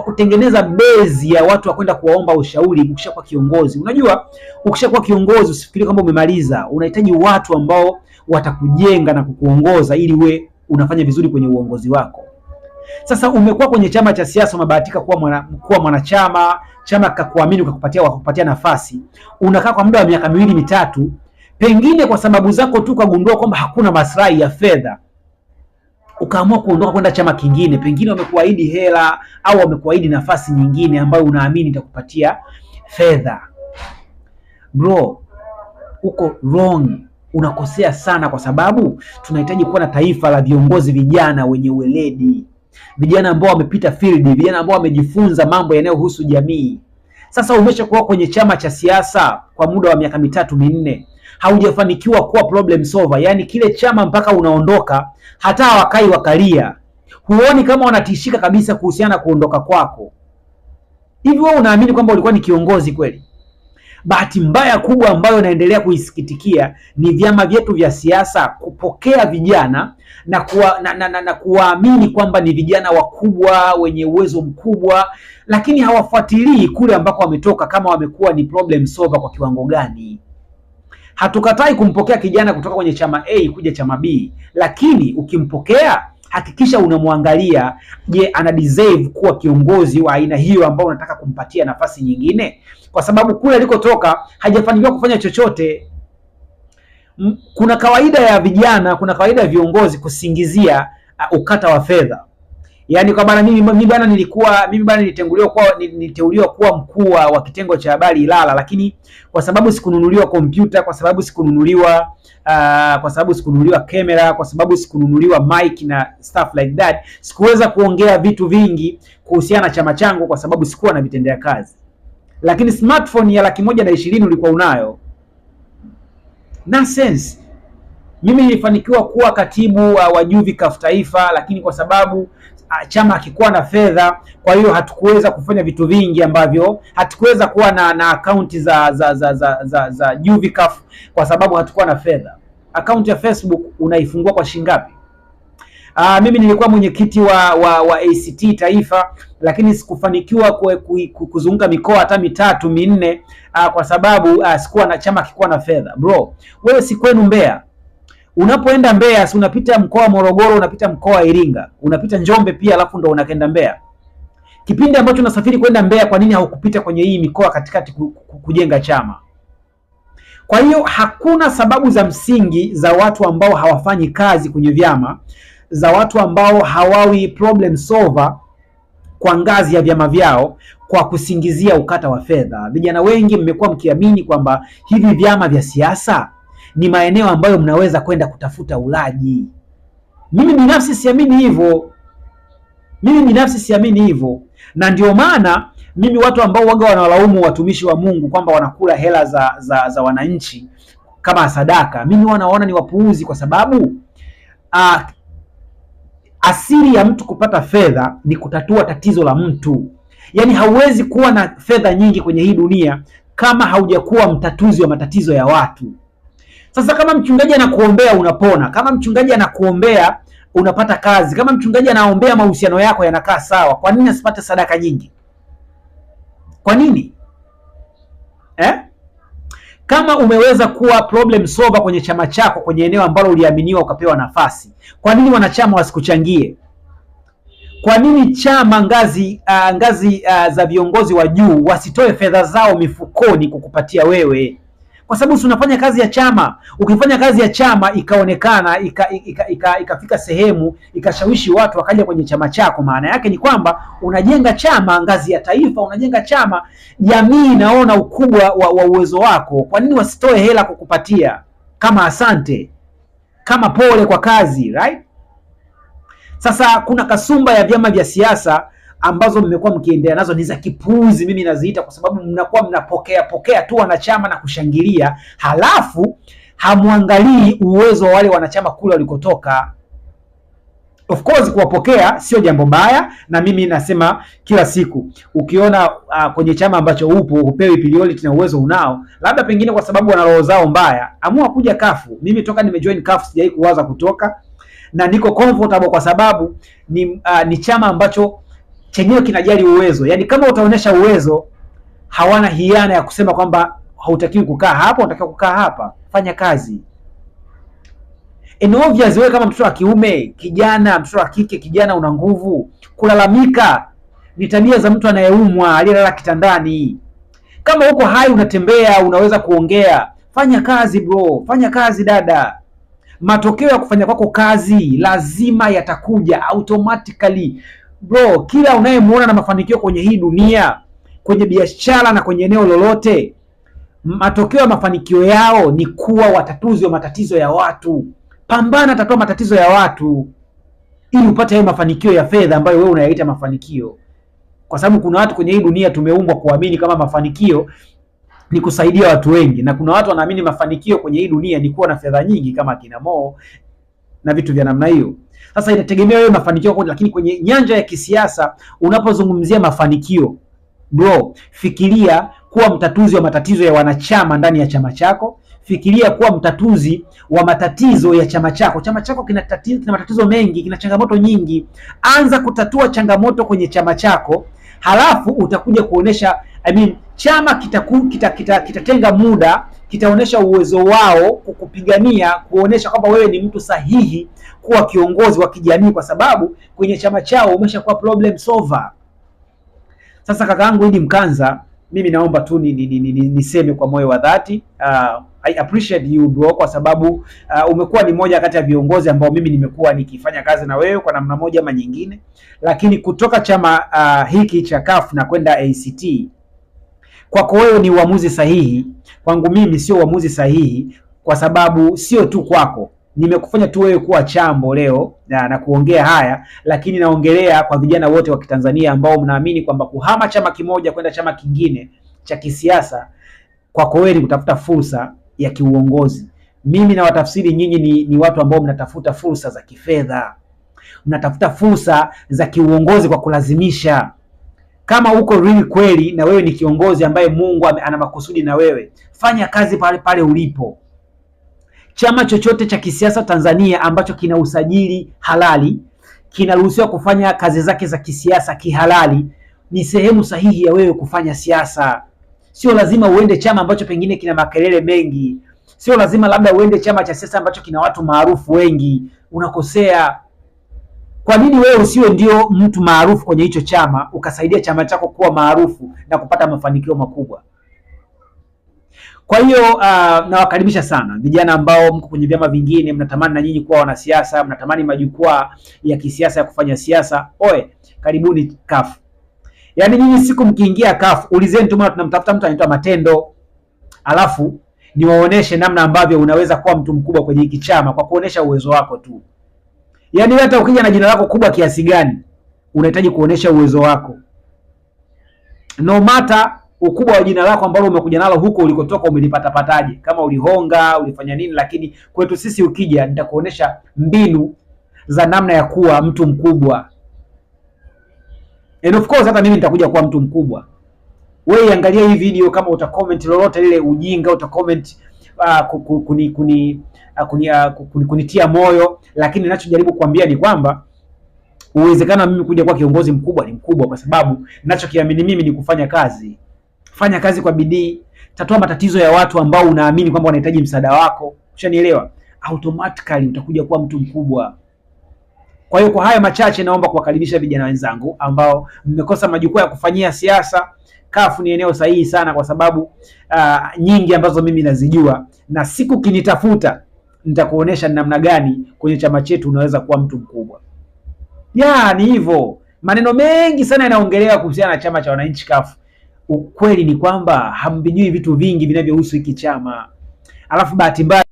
kwa kutengeneza bezi ya watu wa kwenda kuwaomba ushauri. Ukishakuwa kiongozi, unajua ukishakuwa kiongozi usifikiri kwamba umemaliza. Unahitaji watu ambao watakujenga na kukuongoza ili we unafanya vizuri kwenye uongozi wako. Sasa umekuwa kwenye chama cha siasa, umebahatika kuwa mwana, kuwa mwanachama, chama kakuamini ukakupatia wakakupatia nafasi, unakaa kwa muda wa miaka miwili mitatu, pengine kwa sababu zako tu ukagundua kwamba hakuna maslahi ya fedha ukaamua kuondoka kwenda chama kingine, pengine wamekuahidi hela au wamekuahidi nafasi nyingine ambayo unaamini itakupatia fedha. Bro, uko wrong, unakosea sana, kwa sababu tunahitaji kuwa na taifa la viongozi vijana wenye uweledi vijana ambao wamepita field, vijana ambao wamejifunza mambo yanayohusu jamii. Sasa umeshakuwa kwenye chama cha siasa kwa muda wa miaka mitatu minne, haujafanikiwa kuwa problem solver, yaani kile chama mpaka unaondoka hata hawakai wakalia, huoni kama wanatishika kabisa kuhusiana na kuondoka kwako. Hivi wewe unaamini kwamba ulikuwa ni kiongozi kweli? Bahati mbaya kubwa ambayo naendelea kuisikitikia ni vyama vyetu vya siasa kupokea vijana na kuwa, na, na, na, na kuwaamini kwamba ni vijana wakubwa wenye uwezo mkubwa, lakini hawafuatilii kule ambako wametoka, kama wamekuwa ni problem solver kwa kiwango gani. Hatukatai kumpokea kijana kutoka kwenye chama A kuja chama B, lakini ukimpokea hakikisha unamwangalia. Je, ana deserve kuwa kiongozi wa aina hiyo ambao unataka kumpatia nafasi nyingine? Kwa sababu kule alikotoka hajafanikiwa kufanya chochote. Kuna kawaida ya vijana, kuna kawaida ya viongozi kusingizia uh, ukata wa fedha. Yaani kwa bana mimi mimi bana nilikuwa mimi bana niliteuliwa kwa niliteuliwa kuwa mkuu wa kitengo cha habari Ilala, lakini kwa sababu sikununuliwa kompyuta, kwa sababu sikununuliwa uh, kwa sababu sikununuliwa kamera, kwa sababu sikununuliwa mic na stuff like that, sikuweza kuongea vitu vingi kuhusiana na chama changu kwa sababu sikuwa na vitendea kazi. Lakini smartphone ya laki moja na ishirini ulikuwa unayo. Nonsense. Mimi nilifanikiwa kuwa katibu wa Juvi Kafu Taifa, lakini kwa sababu Ah, chama hakikuwa na fedha, kwa hiyo hatukuweza kufanya vitu vingi ambavyo hatukuweza kuwa na, na akaunti za za za za, za, za UVCAF kwa sababu hatukuwa na fedha. Akaunti ya Facebook unaifungua kwa shilingi ngapi? Aa, ah, mimi nilikuwa mwenyekiti wa, wa, wa ACT Taifa lakini sikufanikiwa kuzunguka mikoa hata mitatu minne, aa, ah, kwa sababu sikuwa na chama kikuwa na fedha. Bro, wewe si kwenu Mbeya unapoenda Mbeya, si unapita mkoa wa Morogoro, unapita mkoa wa Iringa, unapita Njombe pia, alafu ndo unakenda Mbeya. Kipindi ambacho unasafiri kwenda Mbeya, kwa nini haukupita kwenye hii mikoa katikati kujenga chama? Kwa hiyo hakuna sababu za msingi za watu ambao hawafanyi kazi kwenye vyama, za watu ambao hawawi problem solver kwa ngazi ya vyama vyao kwa kusingizia ukata wa fedha. Vijana wengi mmekuwa mkiamini kwamba hivi vyama vya siasa ni maeneo ambayo mnaweza kwenda kutafuta ulaji. Mimi binafsi siamini hivyo, mimi binafsi siamini hivyo, na ndio maana mimi watu ambao waga wanawalaumu watumishi wa Mungu kwamba wanakula hela za, za, za wananchi kama sadaka, mimi wanaona ni wapuuzi, kwa sababu a, asili ya mtu kupata fedha ni kutatua tatizo la mtu. Yaani hauwezi kuwa na fedha nyingi kwenye hii dunia kama haujakuwa mtatuzi wa matatizo ya watu. Sasa kama mchungaji anakuombea unapona, kama mchungaji anakuombea unapata kazi, kama mchungaji anaombea mahusiano yako yanakaa sawa, kwa nini asipate sadaka nyingi? Kwa nini eh? Kama umeweza kuwa problem solver kwenye chama chako, kwenye eneo ambalo uliaminiwa ukapewa nafasi, kwa nini wanachama wasikuchangie? Kwa nini chama ngazi uh, ngazi uh, za viongozi wa juu wasitoe fedha zao mifukoni kukupatia wewe? kwa sababu si unafanya kazi ya chama. Ukifanya kazi ya chama ikaonekana ikafika ika, ika, ika sehemu ikashawishi watu wakaja kwenye chama chako, maana yake ni kwamba unajenga chama ngazi ya taifa, unajenga chama, jamii inaona ukubwa wa, wa uwezo wako. Kwa nini wasitoe hela kukupatia kama asante, kama pole kwa kazi, right? Sasa kuna kasumba ya vyama vya siasa ambazo mmekuwa mkiendelea nazo ni za kipuuzi, mimi naziita, kwa sababu mnakuwa mnapokea pokea tu wanachama na kushangilia, halafu hamwangalii uwezo wa wale wanachama kule walikotoka. Of course kuwapokea sio jambo baya, na mimi nasema kila siku ukiona uh, kwenye chama ambacho upo upewi priority na uwezo unao, labda pengine kwa sababu wana roho zao mbaya, amua kuja kafu. Mimi toka nimejoin kafu sijawahi kuwaza kutoka, na niko comfortable kwa sababu ni, uh, ni chama ambacho chenyewe kinajali uwezo. Yaani kama utaonyesha uwezo, hawana hiana ya kusema kwamba hautakiwi kukaa hapa, unatakiwa kukaa hapa, fanya kazi. And obviously wewe kama mtoto wa kiume, kijana, mtoto wa kike, kijana, una nguvu. Kulalamika ni tabia za mtu anayeumwa aliyelala kitandani. Kama uko hai, unatembea, unaweza kuongea, fanya kazi bro, fanya kazi dada. Matokeo ya kufanya kwako kazi lazima yatakuja automatically bro, kila unayemuona na mafanikio kwenye hii dunia, kwenye biashara na kwenye eneo lolote, matokeo ya mafanikio yao ni kuwa watatuzi wa matatizo ya watu. Pambana, tatua matatizo ya watu ili upate hayo mafanikio ya fedha ambayo wewe unayaita mafanikio, kwa sababu kuna watu kwenye hii dunia tumeumbwa kuamini kama mafanikio ni kusaidia watu wengi, na kuna watu wanaamini mafanikio kwenye hii dunia ni kuwa na fedha nyingi kama kina Mo, na vitu vya namna hiyo. Sasa inategemea wewe mafanikio yako, lakini kwenye nyanja ya kisiasa unapozungumzia mafanikio, bro, fikiria kuwa mtatuzi wa matatizo ya wanachama ndani ya chama chako. Fikiria kuwa mtatuzi wa matatizo ya chama chako. Chama chako kina tatizo, kina matatizo mengi, kina changamoto nyingi. Anza kutatua changamoto kwenye chama chako, halafu utakuja kuonesha I mean, chama kitatenga kita, kita, kita muda kitaonyesha uwezo wao kukupigania, kuonyesha kwamba wewe ni mtu sahihi kuwa kiongozi wa kijamii, kwa sababu kwenye chama chao umeshakuwa problem solver. Sasa kakaangu Idi Mkanza, mimi naomba tu niseme ni, ni, ni, ni kwa moyo wa dhati uh, I appreciate you bro, kwa sababu uh, umekuwa ni moja kati ya viongozi ambao mimi nimekuwa nikifanya kazi na wewe kwa namna moja ama nyingine, lakini kutoka chama uh, hiki cha CUF na kwenda ACT Kwako wewe ni uamuzi sahihi, kwangu mimi sio uamuzi sahihi, kwa sababu sio tu kwako nimekufanya tu wewe kuwa chambo leo na, na kuongea haya, lakini naongelea kwa vijana wote wa Kitanzania ambao mnaamini kwamba kuhama chama kimoja kwenda chama kingine cha kisiasa kwako wewe ni kutafuta fursa ya kiuongozi. Mimi na watafsiri nyinyi ni, ni watu ambao mnatafuta fursa za kifedha, mnatafuta fursa za kiuongozi kwa kulazimisha. Kama uko real kweli na wewe ni kiongozi ambaye Mungu ana makusudi na wewe, fanya kazi pale pale ulipo. Chama chochote cha kisiasa Tanzania ambacho kina usajili halali kinaruhusiwa kufanya kazi zake za kisiasa kihalali, ni sehemu sahihi ya wewe kufanya siasa. Sio lazima uende chama ambacho pengine kina makelele mengi, sio lazima labda uende chama cha siasa ambacho kina watu maarufu wengi. Unakosea. Kwa nini wewe usiwe ndio mtu maarufu kwenye hicho chama ukasaidia chama chako kuwa maarufu na kupata mafanikio makubwa? Kwa hiyo uh, nawakaribisha sana vijana ambao mko kwenye vyama vingine, mnatamani na nyinyi kuwa wanasiasa, mnatamani majukwaa ya kisiasa ya kufanya siasa. Oe, karibuni CUF. Yaani nyinyi siku mkiingia CUF, ulizeni tu, maana tunamtafuta mtu anaitwa Matendo, alafu niwaoneshe namna ambavyo unaweza kuwa mtu mkubwa kwenye hiki chama kwa kuonesha uwezo wako tu. Yaani hata ukija na jina lako kubwa kiasi gani, unahitaji kuonesha uwezo wako, no matter ukubwa wa jina lako ambalo umekuja nalo huko ulikotoka pataje, kama ulihonga, ulifanya nini. Lakini kwetu sisi ukija, nitakuonesha mbinu za namna ya kuwa mtu mkubwa. And of course hata mimi nitakuja kuwa mtu mkubwa. Wewe angalia hii video, kama uta lolote lile ujinga utacomment Ah, kuni, ah, ah, kuni, kunitia moyo, lakini ninachojaribu kuambia ni kwamba uwezekano wa mimi kuja kuwa kiongozi mkubwa ni mkubwa, kwa sababu ninachokiamini mimi ni kufanya kazi. Fanya kazi kwa bidii, tatua matatizo ya watu ambao unaamini kwamba wanahitaji msaada wako, ushanielewa? Automatically utakuja kuwa mtu mkubwa. Kwa hiyo kwa haya machache, naomba kuwakaribisha vijana wenzangu ambao mmekosa majukwaa ya kufanyia siasa kafu ni eneo sahihi sana kwa sababu uh, nyingi ambazo mimi nazijua, na siku kinitafuta nitakuonesha namna gani kwenye chama chetu unaweza kuwa mtu mkubwa. Ya ni hivyo, maneno mengi sana yanaongelewa kuhusiana na chama cha wananchi kafu. Ukweli ni kwamba hamvijui vitu vingi vinavyohusu hiki chama, alafu bahati mbaya